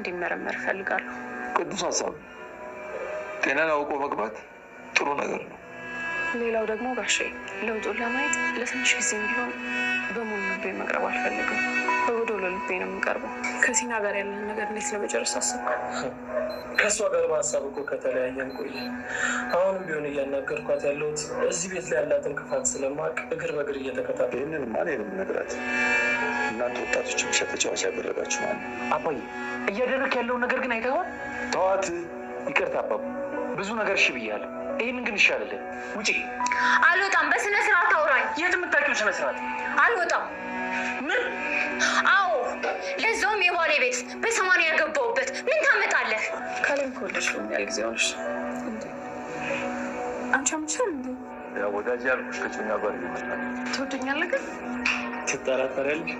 እንዲመረመር እፈልጋለሁ። ቅዱስ ሀሳብ ጤናን አውቆ መግባት ጥሩ ነገር ነው። ሌላው ደግሞ ጋሼ ለውጡን ለማየት ለትንሽ ጊዜ ቢሆን በሙሉ ልቤ መቅረብ አልፈልግም። በጎዶሎ ልቤ ነው የምቀርበው። ከሲና ጋር ያለን ነገር እንዴት ለመጨረስ አሰብኩ? ከእሷ ጋር በሀሳብ እኮ ከተለያየን ቆየ። አሁንም ቢሆን እያናገርኳት ያለሁት እዚህ ቤት ላይ ያላትን ክፋት ስለማቅ እግር በእግር እየተከታተ ይህንን ማን ነው ነግራት እናንተ ወጣቶች ውሻ ተጫዋች ያደረጋችሁ ማለት አባዬ፣ እያደረክ ያለውን ነገር ግን አይተኸዋል። ተዋት። ይቅርታ አባቡ፣ ብዙ ነገር እሺ ብያለሁ ይህንን ግን ይሻልልን። ውጪ። አልወጣም። በስነ ስርዓት አውራኝ። የት የምታውቂው ስነ ስርዓት? አልወጣም። ምን? አዎ፣ ለዛውም የባሌ ቤት በሰማንያ ያገባውበት ምን ታመጣለህ? ካለም ካሌም ከወለድሽ ያል ጊዜ ሆነሽ አንቺ አምቻል እንዴ? ወዳጅ ያልኩሽ ከቸኛ ጋር ይመጣል። ትወደኛለህ ግን ትጠራጠሪያለሽ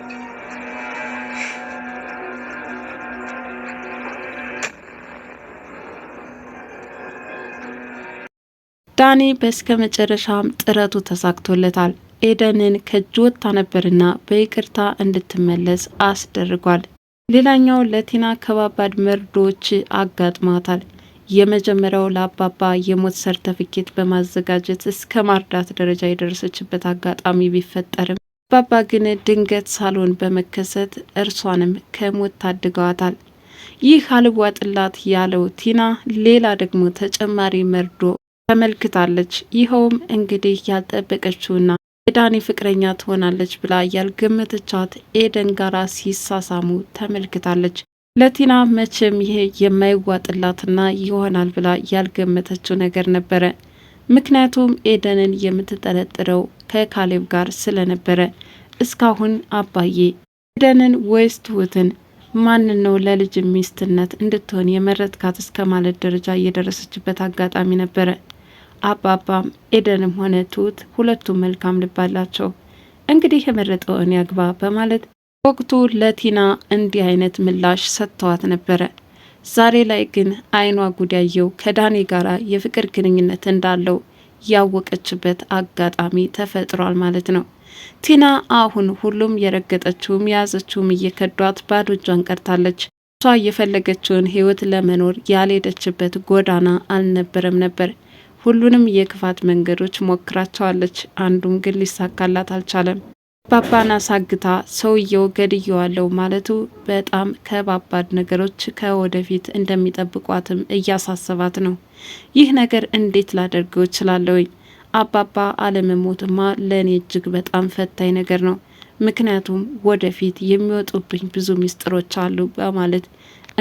ዳኒ በስከ መጨረሻም ጥረቱ ተሳክቶለታል። ኤደንን ከእጅ ወጥታ ነበርና በይቅርታ እንድትመለስ አስደርጓል። ሌላኛው ለቲና ከባባድ መርዶች አጋጥሟታል። የመጀመሪያው ለአባባ የሞት ሰርተፍኬት በማዘጋጀት እስከ ማርዳት ደረጃ የደረሰችበት አጋጣሚ ቢፈጠርም አባባ ግን ድንገት ሳሎን በመከሰት እርሷንም ከሞት ታድገዋታል። ይህ አልዋጥላት ያለው ቲና ሌላ ደግሞ ተጨማሪ መርዶ ተመልክታለች። ይኸውም እንግዲህ ያልጠበቀችውና የዳኒ ፍቅረኛ ትሆናለች ብላ ያልገመተቻት ኤደን ጋራ ሲሳሳሙ ተመልክታለች። ለቲና መቼም ይሄ የማይዋጥላትና ይሆናል ብላ ያልገመተችው ነገር ነበረ። ምክንያቱም ኤደንን የምትጠረጥረው ከካሌብ ጋር ስለነበረ እስካሁን አባዬ ኤደንን ወይስ ትሁትን ነው ለልጅ ሚስትነት እንድትሆን የመረጥካት እስከ ማለት ደረጃ እየደረሰችበት አጋጣሚ ነበረ። አባባ ኤደንም ሆነ ትሁት ሁለቱም መልካም ልብ አላቸው። እንግዲህ የመረጠውን ያግባ በማለት ወቅቱ ለቲና እንዲህ አይነት ምላሽ ሰጥተዋት ነበረ። ዛሬ ላይ ግን አይኗ ጉዳየው ከዳኔ ጋር የፍቅር ግንኙነት እንዳለው ያወቀችበት አጋጣሚ ተፈጥሯል ማለት ነው። ቲና አሁን ሁሉም የረገጠችውም የያዘችውም እየከዷት ባዶ እጇን ቀርታለች። እሷ የፈለገችውን ህይወት ለመኖር ያልሄደችበት ጎዳና አልነበረም ነበር ሁሉንም የክፋት መንገዶች ሞክራቸዋለች። አንዱም ግን ሊሳካላት አልቻለም። ባባን አሳግታ ሰውየው ገድየዋለው ማለቱ በጣም ከባባድ ነገሮች ከወደፊት እንደሚጠብቋትም እያሳሰባት ነው። ይህ ነገር እንዴት ላደርገው እችላለሁኝ? አባባ አለመሞትማ ለእኔ እጅግ በጣም ፈታኝ ነገር ነው። ምክንያቱም ወደፊት የሚወጡብኝ ብዙ ሚስጥሮች አሉ በማለት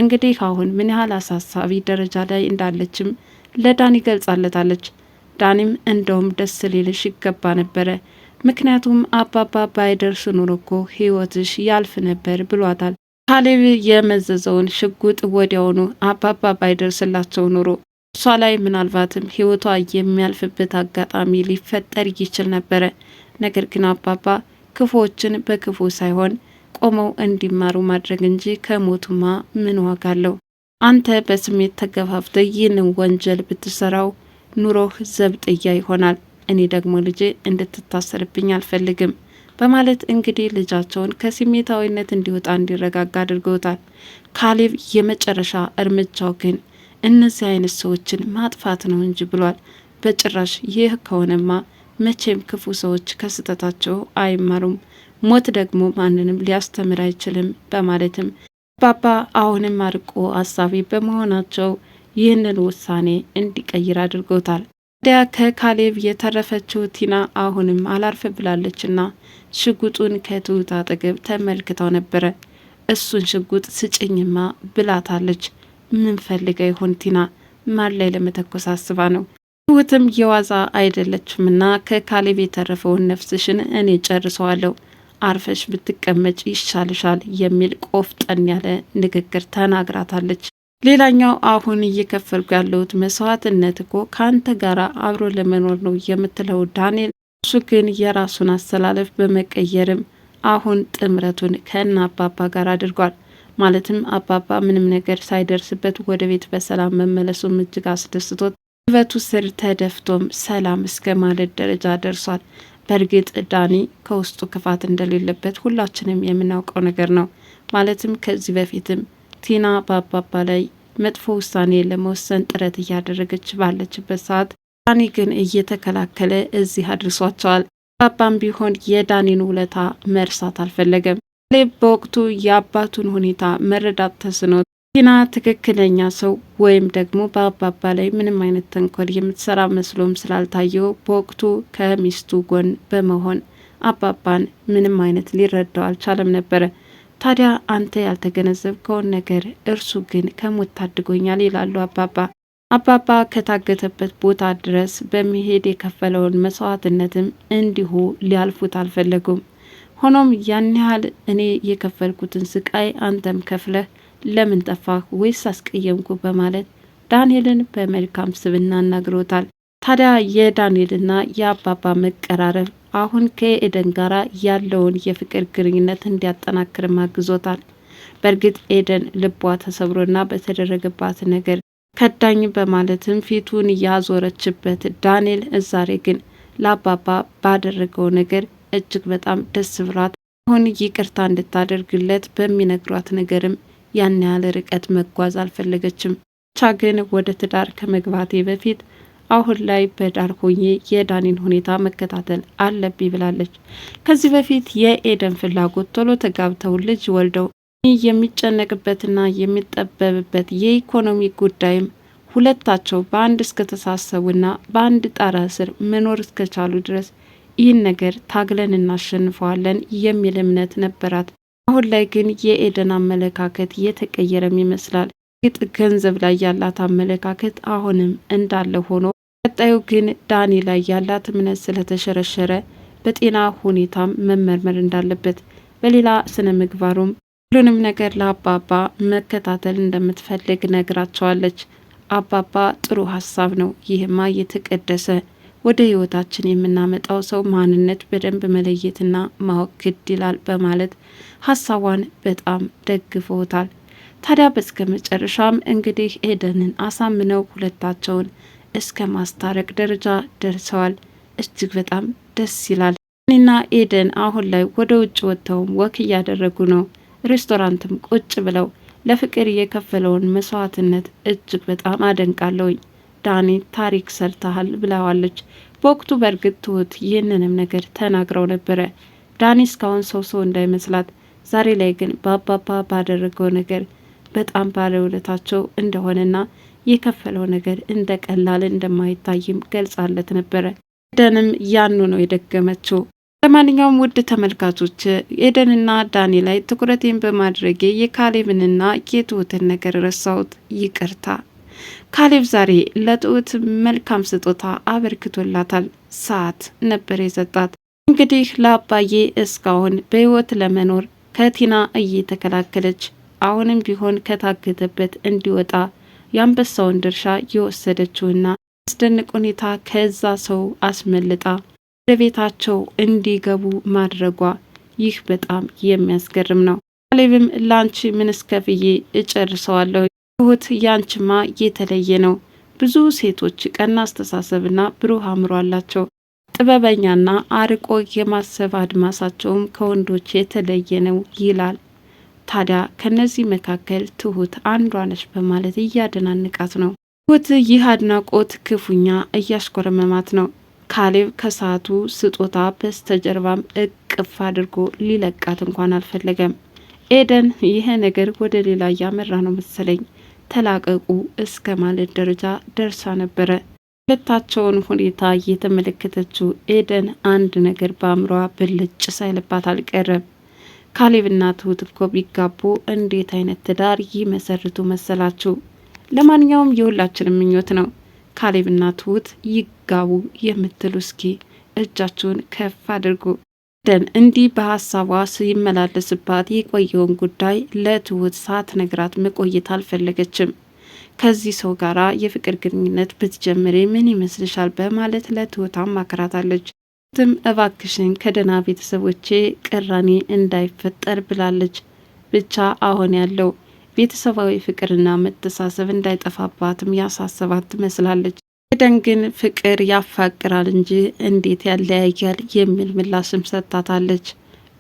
እንግዲህ አሁን ምን ያህል አሳሳቢ ደረጃ ላይ እንዳለችም ለዳኒ ገልጻለታለች። ዳኒም እንደውም ደስ ሊልሽ ይገባ ነበረ፣ ምክንያቱም አባባ ባይደርስ ኑሮ እኮ ህይወትሽ ያልፍ ነበር ብሏታል። ካሌብ የመዘዘውን ሽጉጥ ወዲያውኑ አባባ ባይደርስላቸው ኑሮ እሷ ላይ ምናልባትም ህይወቷ የሚያልፍበት አጋጣሚ ሊፈጠር ይችል ነበረ። ነገር ግን አባባ ክፉዎችን በክፉ ሳይሆን ቆመው እንዲማሩ ማድረግ እንጂ ከሞቱማ ምን ዋጋ አለው? አንተ በስሜት ተገፋፍተ ይህንን ወንጀል ብትሰራው ኑሮህ ዘብጥያ ይሆናል። እኔ ደግሞ ልጄ እንድትታሰርብኝ አልፈልግም በማለት እንግዲህ ልጃቸውን ከስሜታዊነት እንዲወጣ እንዲረጋጋ አድርገውታል። ካሌብ የመጨረሻ እርምጃው ግን እነዚህ አይነት ሰዎችን ማጥፋት ነው እንጂ ብሏል። በጭራሽ ይህ ከሆነማ መቼም ክፉ ሰዎች ከስህተታቸው አይማሩም፣ ሞት ደግሞ ማንንም ሊያስተምር አይችልም በማለትም ባባ አሁንም አርቆ አሳቢ በመሆናቸው ይህንን ውሳኔ እንዲቀይር አድርጎታል። ታዲያ ከካሌብ የተረፈችው ቲና አሁንም አላርፍ ብላለችና ሽጉጡን ከትሁት አጠገብ ተመልክተው ነበረ። እሱን ሽጉጥ ስጭኝማ ብላታለች። ምን ፈልጋ ይሆን ቲና? ማን ላይ ለመተኮስ አስባ ነው? ትሁትም የዋዛ አይደለችምና ከካሌብ የተረፈውን ነፍስሽን እኔ ጨርሰዋለሁ አርፈሽ ብትቀመጭ ይሻልሻል የሚል ቆፍጠን ያለ ንግግር ተናግራታለች። ሌላኛው አሁን እየከፈልኩ ያለሁት መስዋዕትነት እኮ ከአንተ ጋር አብሮ ለመኖር ነው የምትለው ዳንኤል፣ እሱ ግን የራሱን አስተላለፍ በመቀየርም አሁን ጥምረቱን ከና አባባ ጋር አድርጓል። ማለትም አባባ ምንም ነገር ሳይደርስበት ወደ ቤት በሰላም መመለሱም እጅግ አስደስቶት ህበቱ ስር ተደፍቶም ሰላም እስከ ማለት ደረጃ ደርሷል። በእርግጥ ዳኒ ከውስጡ ክፋት እንደሌለበት ሁላችንም የምናውቀው ነገር ነው። ማለትም ከዚህ በፊትም ቲና በአባባ ላይ መጥፎ ውሳኔ ለመወሰን ጥረት እያደረገች ባለችበት ሰዓት ዳኒ ግን እየተከላከለ እዚህ አድርሷቸዋል። አባባም ቢሆን የዳኒን ውለታ መርሳት አልፈለገም። በወቅቱ የአባቱን ሁኔታ መረዳት ተስኖት ቲና ትክክለኛ ሰው ወይም ደግሞ በአባባ ላይ ምንም አይነት ተንኮል የምትሰራ መስሎም ስላልታየው በወቅቱ ከሚስቱ ጎን በመሆን አባባን ምንም አይነት ሊረዳው አልቻለም ነበረ። ታዲያ አንተ ያልተገነዘብከውን ነገር እርሱ ግን ከሞት ታድጎኛል ይላሉ አባባ። አባባ ከታገተበት ቦታ ድረስ በመሄድ የከፈለውን መስዋዕትነትም እንዲሁ ሊያልፉት አልፈለጉም። ሆኖም ያን ያህል እኔ የከፈልኩትን ስቃይ አንተም ከፍለህ ለምን ጠፋህ ወይስ አስቀየምኩ በማለት ዳንኤልን በመልካም ስብና እናግሮታል። ታዲያ የዳንኤልና የአባባ መቀራረብ አሁን ከኤደን ጋር ያለውን የፍቅር ግንኙነት እንዲያጠናክር አግዞታል። በእርግጥ ኤደን ልቧ ተሰብሮና በተደረገባት ነገር ከዳኝ በማለትም ፊቱን ያዞረችበት ዳንኤል እዛሬ ግን ለአባባ ባደረገው ነገር እጅግ በጣም ደስ ብሏት አሁን ይቅርታ እንድታደርግለት በሚነግሯት ነገርም ያን ያህል ርቀት መጓዝ አልፈለገችም። ብቻ ግን ወደ ትዳር ከመግባቴ በፊት አሁን ላይ በዳር ሆኜ የዳኒን ሁኔታ መከታተል አለብኝ ብላለች። ከዚህ በፊት የኤደን ፍላጎት ቶሎ ተጋብተው ልጅ ወልደው የሚጨነቅበትና የሚጠበብበት የኢኮኖሚ ጉዳይም ሁለታቸው በአንድ እስከተሳሰቡና በአንድ ጣራ ስር መኖር እስከቻሉ ድረስ ይህን ነገር ታግለን እናሸንፈዋለን የሚል እምነት ነበራት። አሁን ላይ ግን የኤደን አመለካከት የተቀየረም ይመስላል። ግጥ ገንዘብ ላይ ያላት አመለካከት አሁንም እንዳለ ሆኖ ቀጣዩ ግን ዳኒ ላይ ያላት እምነት ስለተሸረሸረ በጤና ሁኔታም መመርመር እንዳለበት በሌላ ስነ ምግባሩም ሁሉንም ነገር ለአባባ መከታተል እንደምትፈልግ ነግራቸዋለች። አባባ ጥሩ ሀሳብ ነው፣ ይህማ የተቀደሰ ወደ ህይወታችን የምናመጣው ሰው ማንነት በደንብ መለየትና ማወቅ ግድ ይላል በማለት ሀሳቧን በጣም ደግፈውታል። ታዲያ በስከ መጨረሻም እንግዲህ ኤደንን አሳምነው ሁለታቸውን እስከ ማስታረቅ ደረጃ ደርሰዋል። እጅግ በጣም ደስ ይላል። እኔና ኤደን አሁን ላይ ወደ ውጭ ወጥተውም ወክ እያደረጉ ነው። ሬስቶራንትም ቁጭ ብለው ለፍቅር የከፈለውን መስዋዕትነት እጅግ በጣም አደንቃለሁኝ። ዳኔ ታሪክ ሰርተሃል ብለዋለች። በወቅቱ በእርግጥ ትሁት ይህንንም ነገር ተናግረው ነበረ። ዳኒ እስካሁን ሰው ሰው እንዳይመስላት፣ ዛሬ ላይ ግን በአባባ ባደረገው ነገር በጣም ባለውለታቸው እንደሆነና የከፈለው ነገር እንደ ቀላል እንደማይታይም ገልጻለት ነበረ። ኤደንም ያኑ ነው የደገመችው። ለማንኛውም ውድ ተመልካቾች ኤደንና ዳኒ ላይ ትኩረቴን በማድረጌ የካሌብንና የትሁትን ነገር ረሳሁት፣ ይቅርታ ካሌብ ዛሬ ለትሁት መልካም ስጦታ አበርክቶላታል። ሰዓት ነበር የሰጣት። እንግዲህ ለአባዬ እስካሁን በህይወት ለመኖር ከቲና እየተከላከለች አሁንም ቢሆን ከታገተበት እንዲወጣ የአንበሳውን ድርሻ የወሰደችውና አስደንቅ ሁኔታ ከዛ ሰው አስመልጣ ወደ ቤታቸው እንዲገቡ ማድረጓ ይህ በጣም የሚያስገርም ነው። ካሌብም ላንቺ ምንስከፍዬ እጨርሰዋለሁ ትሁት ያንችማ የተለየ ነው። ብዙ ሴቶች ቀና አስተሳሰብና ብሩህ አእምሮ አላቸው። ጥበበኛና አርቆ የማሰብ አድማሳቸውም ከወንዶች የተለየ ነው ይላል። ታዲያ ከነዚህ መካከል ትሁት አንዷ ነች በማለት እያደናንቃት ነው። ትሁት ይህ አድናቆት ክፉኛ እያሽኮረመማት ነው። ካሌብ ከሰዓቱ ስጦታ በስተጀርባም እቅፍ አድርጎ ሊለቃት እንኳን አልፈለገም። ኤደን ይሄ ነገር ወደ ሌላ እያመራ ነው መሰለኝ ተላቀቁ እስከ ማለት ደረጃ ደርሳ ነበረ። ሁለታቸውን ሁኔታ እየተመለከተችው ኤደን አንድ ነገር በአእምሯ ብልጭ ሳይልባት አልቀረም። ካሌብና ትሁት እኮ ቢጋቡ እንዴት አይነት ትዳር ይመሰርቱ መሰላችሁ? ለማንኛውም የሁላችንም ምኞት ነው። ካሌብና ትሁት ይጋቡ የምትሉ እስኪ እጃችሁን ከፍ አድርጉ። ደን እንዲህ በሀሳቧ ሲመላለስባት የቆየውን ጉዳይ ለትሁት ሳትነግራት መቆየት አልፈለገችም። ከዚህ ሰው ጋር የፍቅር ግንኙነት ብትጀምሬ ምን ይመስልሻል? በማለት ለትሁት አማክራታለች። ትም እባክሽን ከደህና ቤተሰቦቼ ቅራኔ እንዳይፈጠር ብላለች። ብቻ አሁን ያለው ቤተሰባዊ ፍቅርና መተሳሰብ እንዳይጠፋባትም ያሳሰባት ትመስላለች። ኤደን ግን ፍቅር ያፋቅራል እንጂ እንዴት ያለያያል የሚል ምላሽም ሰጥታታለች።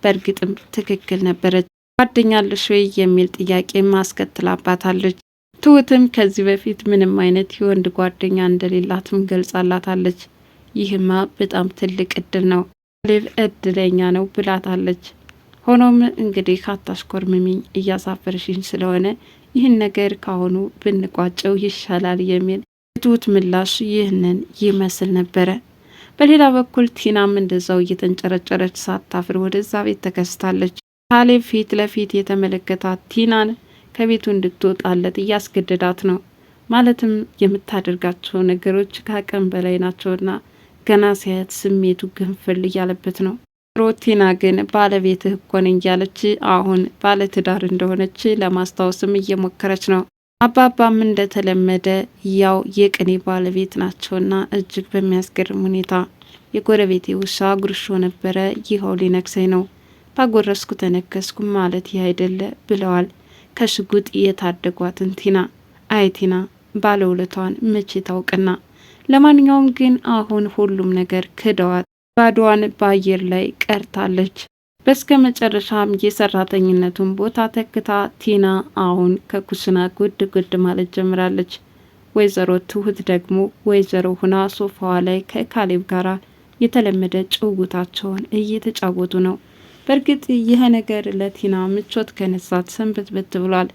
በእርግጥም ትክክል ነበረች። ጓደኛለሽ ወይ የሚል ጥያቄ ማስከትላባታለች። ትሁትም ከዚህ በፊት ምንም አይነት የወንድ ጓደኛ እንደሌላትም ገልጻላታለች። ይህማ በጣም ትልቅ እድል ነው፣ ሌብ እድለኛ ነው ብላታለች። ሆኖም እንግዲህ ካታሽኮርምሚኝ እያሳፈርሽኝ ስለሆነ ይህን ነገር ካሁኑ ብንቋጨው ይሻላል የሚል ትሁት ምላሽ ይህንን ይመስል ነበረ። በሌላ በኩል ቲናም እንደዛው እየተንጨረጨረች ሳታፍር ወደዛ ቤት ተከስታለች። ካሌብ ፊት ለፊት የተመለከታት ቲናን ከቤቱ እንድትወጣለት እያስገደዳት ነው። ማለትም የምታደርጋቸው ነገሮች ከአቅም በላይ ናቸውና ገና ሲያየት ስሜቱ ግንፍል እያለበት ነው። ቲና ግን ባለቤትህ እኮ ነኝ እያለች አሁን ባለትዳር እንደሆነች ለማስታወስም እየሞከረች ነው። አባባም እንደተለመደ ያው የቅኔ ባለቤት ናቸውና እጅግ በሚያስገርም ሁኔታ የጎረቤቴ ውሻ ጉርሾ ነበረ፣ ይኸው ሊነክሰኝ ነው፣ ባጎረስኩ ተነከስኩ ማለት ይህ አይደለ ብለዋል። ከሽጉጥ የታደጓትን ቲና አይ ቲና ባለውለቷን መቼ ታውቅና። ለማንኛውም ግን አሁን ሁሉም ነገር ክደዋት ባዶዋን በአየር ላይ ቀርታለች። በስከ መጨረሻም የሰራተኝነቱን ቦታ ተክታ ቲና አሁን ከኩሽና ጉድ ጉድ ማለት ጀምራለች። ወይዘሮ ትሁት ደግሞ ወይዘሮ ሁና ሶፋዋ ላይ ከካሌብ ጋራ የተለመደ ጭውውታቸውን እየተጫወቱ ነው። በእርግጥ ይህ ነገር ለቲና ምቾት ከነሳት ሰንበት በት ብሏል።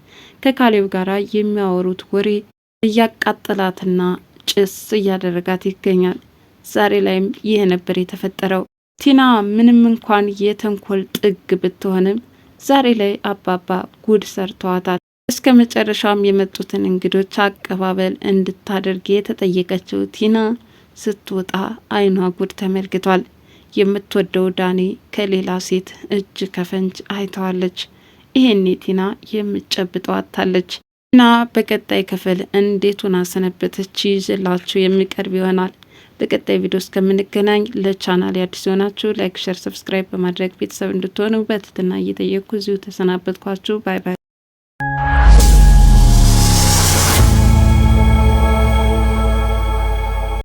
ከካሌብ ጋራ የሚያወሩት ወሬ እያቃጠላትና ጭስ እያደረጋት ይገኛል። ዛሬ ላይም ይህ ነበር የተፈጠረው። ቲና ምንም እንኳን የተንኮል ጥግ ብትሆንም ዛሬ ላይ አባባ ጉድ ሰርተዋታል። እስከ መጨረሻም የመጡትን እንግዶች አቀባበል እንድታደርግ የተጠየቀችው ቲና ስትወጣ አይኗ ጉድ ተመልክቷል። የምትወደው ዳኔ ከሌላ ሴት እጅ ከፈንጅ አይተዋለች። ይሄኔ ቲና የምጨብጠዋታለች። አታለች። ቲና በቀጣይ ክፍል እንዴት ሆና ሰነበተች የሚቀርብ ይሆናል። በቀጣይ ቪዲዮ እስከምንገናኝ ለቻናል የአዲስ የሆናችሁ ላይክ፣ ሸር፣ ሰብስክራይብ በማድረግ ቤተሰብ እንድትሆኑ በትህትና እየጠየቅኩ እዚሁ ተሰናበትኳችሁ። ባይ ባይ።